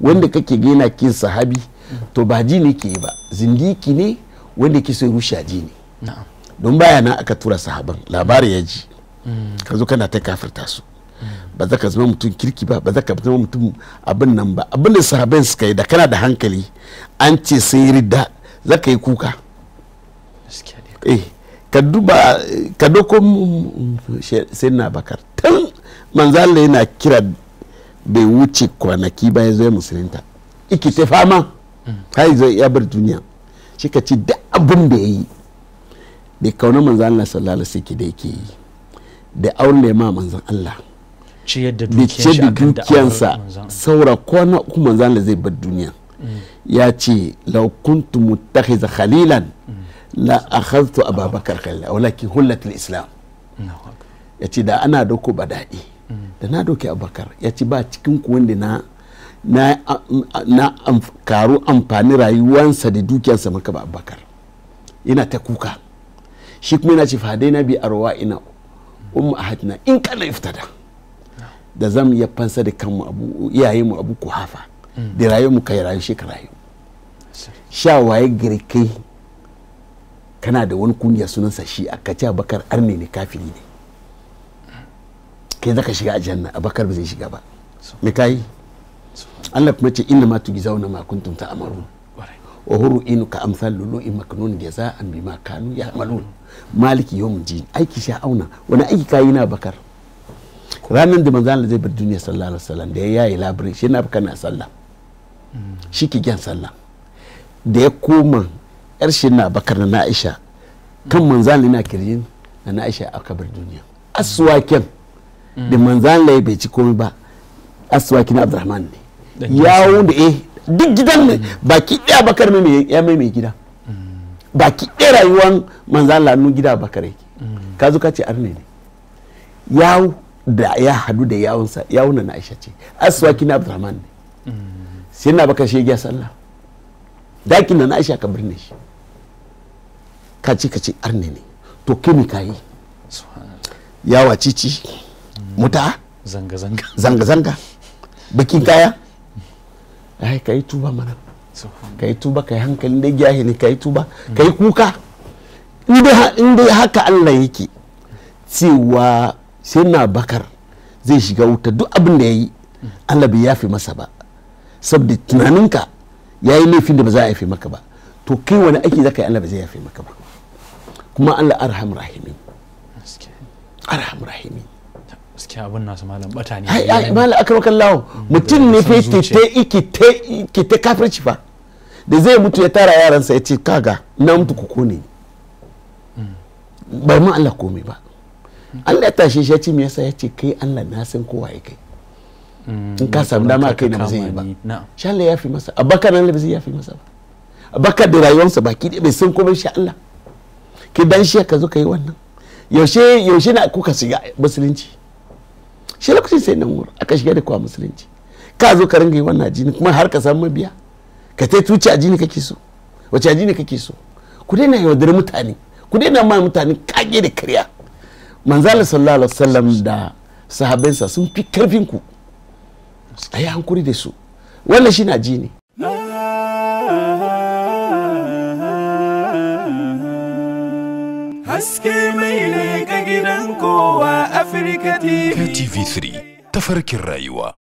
wanda kake gina kin sahabi to ba ji ne ke ba zindiki ne wanda ke sai rushe ji ne don baya na aka tura sahaban labari ya ji mm. ka zo kana ta kafirta su ba za ka zama mutum kirki ba ba za ka zama mutum abin nan ba abin da sahaban suka yi da kana da hankali an ce sai ridda za ka yi kuka eh ka duba sai na bakar tun manzala yana kira bai wuce kwanaki ba ya zo ya musulunta iki ta fama har zo ya bar duniya shi ka ci da abin da ya yi da kauna manzan Allah sallallahu alaihi wasallam da yake yi da auren da ya ma manzan Allah ce da dukiyansa saura ko na uku manzan Allah zai bar duniya mm. ya ce law kuntu muttakhiza khalilan mm. la akhadtu ababakar khalila walakin hullatul islam ya ce da ana doko ba daɗi da na doki abakar ya ci ba cikin ku wanda na karu amfani rayuwansa da dukiyarsa maka ba abakar ina ta kuka shi kuma yana ce fadai na bi arwa ina umma na in kana iftada da zan ya fansa da kanmu abu iyaye mu abu hafa mm. da rayuwar mu kai rayu shekara yau sha waye girkai kana da wani kungiya sunansa shi a ce abakar arne ne kafiri ne kai zaka shiga aljanna abakar ba zai shiga ba me kai Allah kuma ce inna ma tujzauna ma kuntum ta'malun wa huru inu ka amsal in maknun jaza'an bima kanu ya'malun maliki yawm din aiki sha auna wani aiki kayi na Abakar. ranan da manzo Allah zai bar duniya sallallahu alaihi wasallam da ya yi shi na Abakar na sallah shi ki gyan sallah da ya koma yar shi na bakar na Aisha kan manzo Allah na kirjin na Aisha aka bar duniya aswaken Mm. da manzan lai bai ci komai ba aswaki abdurrahman ne Ya wunda eh duk gidan ne mm. baki ɗaya bakar ya mai mai gida mm. baki ɗaya rayuwar manzan lanu gida bakar yake ka zo ka ce arne ne yawo da ya hadu da yawunsa yawun na aisha ce aswaki abdurrahman ne sai na bakar shi ya sallah dakin na aisha ka birne shi ka ce ka ce arne ne to kai ne ka yi yawa cici muta zanga-zanga zanga-zanga bakin kaya ai ka yi tuba mana ka yi tuba ka yi hankali dai gyahi ne ka yi tuba ka yi kuka inda dai haka allah yake cewa sai na bakar zai shiga wuta duk abin da ya yi allah bai yafe masa ba saboda tunaninka ya yi laifin da ba za a yafe maka ba to kai wani aiki za ka yi allah ba zai yafe maka ba kuma allah arham rahim gaskiya abin nasu malam bata ne ai malam akramakan lawo mutum ne fa ke te ke ta kafirci fa da zai mutu ya tara yaransa ya ce kaga na mutu ku kone hmm. bai ma Allah komai ba Allah ya tashe shi ya ce me yasa ya ce kai Allah na san kowa ya kai hmm, in ka samu dama kai na ba zai yi ba shi Allah ya fi masa abakar nan ba zai ya fi masa ba abakar da rayuwarsa baki ɗaya bai san komai sha Allah ki dan shi ka zo ka wannan yaushe yaushe na kuka shiga musulunci shi lokacin sai nan wuri aka shiga da kuwa musulunci ka zo ka ringa yi wannan ajini kuma har ka samu mabiya ka ta tuci ajini kake so wace ajini kake so ku daina yaudar mutane ku daina ma mutane kage da karya manzala sallallahu alaihi wasallam da sahabbansa sun fi karfin ku ayi hankuri da su wannan shi na ajini haske mai ne ka gidan kowa Afirka TV. KTV3 tafarkin rayuwa.